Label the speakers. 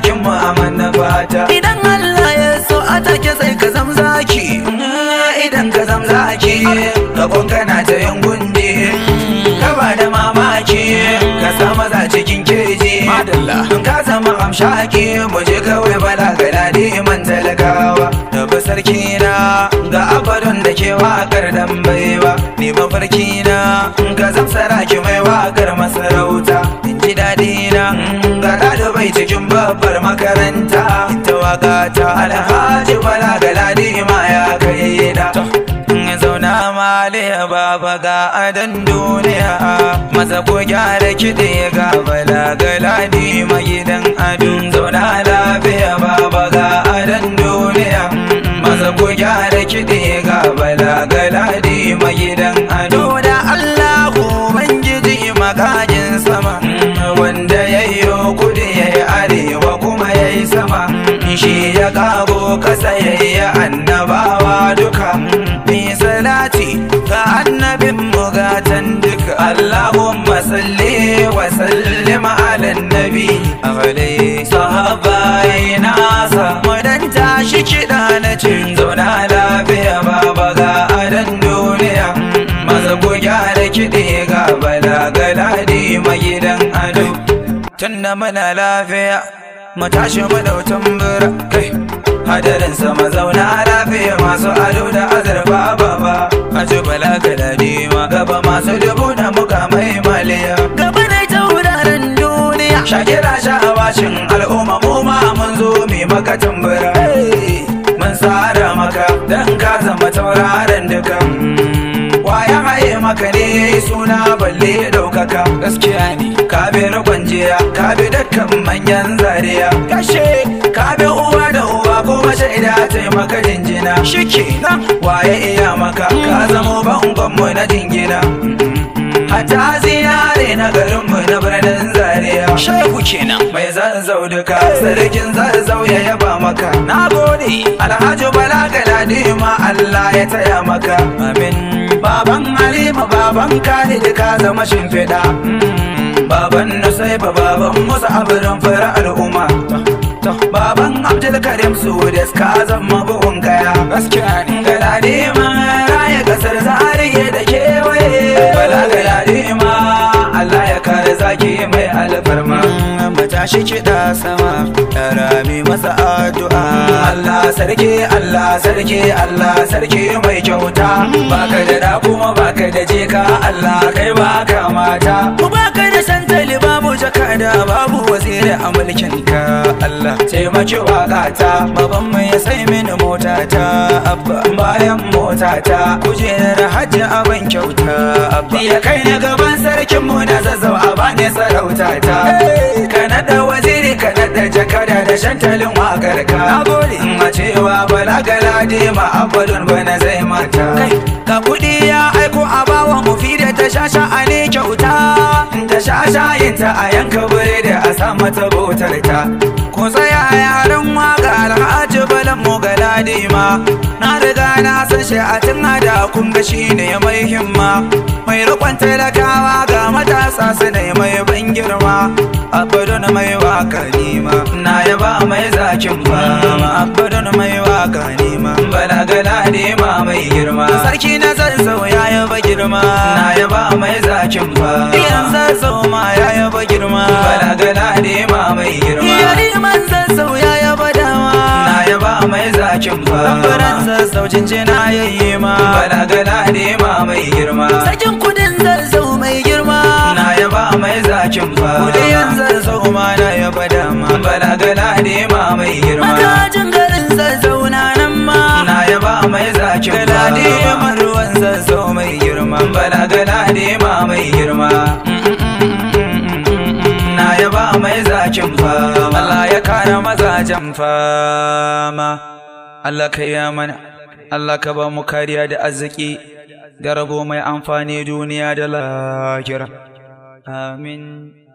Speaker 1: takin mu aman na fata idan Allah ya so a take sai ka zamzaki mm, idan ka zamzaki gabon kana ta yin gunde mm, ba da mamaki ka sa maza cikin keji madalla mm, ka zama amshaki mu je kawai bala ga ladi man talakawa da ba sarki na ga abadun da ke wakar dan baiwa ne mafarki na ka zamsara ki mai wakar masa mai cikin babbar makaranta ta waka ta alhaji bala galadi ma ya kai da zauna maliya baba ga adan duniya masa ko gyara kiɗe ga bala galadi mai gidan adun zauna lafiya baba ga ka tsayayya annabawa duka mi salati Ka annabin mugatan duka Allahumma salli wa sallim ala nabi alayhi sahabai sa. mu dan tashi kiɗa na cin zauna lafiya baba ga adan duniya maza ku gyara kiɗe ga bala galadi magidan ado tunda muna lafiya matashin madautan mu kai hadarin sama zauna lafiya masu ado da azurfa baba a ci balaga da dima gaba masu dubu da mai maliya gaba da tauraron duniya shakira sha'awashin al'umma mu ma mun zo mai maka tambura mun tsara maka dan ka zama tauraron duka mm. ya haye maka ne ya yi suna balle ya ɗaukaka gaskiya ne ka bi na kwanciya ka bi dukkan manyan dariya kashe ka bi uwa da uwa ko mace yi maka jinjina shikenan waye iya maka mm. ka zamo bangon mu na jingina hata zinare na garin mu na birnin zaria ku kenan mai zanzau duka sarkin zanzau ya yaba maka na gode alhaji bala galadi ma allah ya taya maka amin baban halima baban khalid ka zama shimfiɗa mm. baban ba baban musa abirin fara al'umma baban Abdul, abdulkarim su da ka zama buhun gaya gaskiya ma raya kasar zariya da kewaye bala galade ma allah ya kare zaki mai alfarma tashi kiɗa sama yara rami masa addu'a Allah sarki Allah sarki Allah sarki mai kyauta baka da da kuma baka da jeka Allah kai ba ka mata Ku baka da santali babu jakada babu wazirin a mulkin ka Allah taimaki wakata baban mai ya sai mini motata abba bayan mota motata kujerar hajji abin kyauta abba ya kai na gaban sarkin mu na zazzau a bani sarautata da shantalin wakar ka nagode ma cewa bala galade ma abadun bana zai mata kai ka kudi ya aiko a bawa da ta shasha a ne kyauta ta yin ta a yanka bure da a sa mata bautar ta ku tsaya yaran waka alhaji balan mu galade ma na riga na san shi a tun da kun ga ne mai himma mai rakon talakawa ga matasa su ne mai ban girma abadun mai wakari da ba mai zakin ba ma'abbadan mai waka nema balagala ma mai girma sarki na zazzau ya yaba girma na yaba mai zakin ba iyan zazzau ma ya yaba girma balagala ma mai girma yari man zazzau ya yaba dama na yaba mai zakin ba tabbaran zazzau jinjina yayye ma balagala ma mai girma sarkin kudin zazzau mai girma na yaba mai zakin ba kudiyan zazzau ma na yaba dama nema mai girma na yaba mai zakin fama Allah ya kara mazajen fama Allah ka iya mana Allah ka ba mu kariya da arziki da rabo mai amfani duniya da lahira amin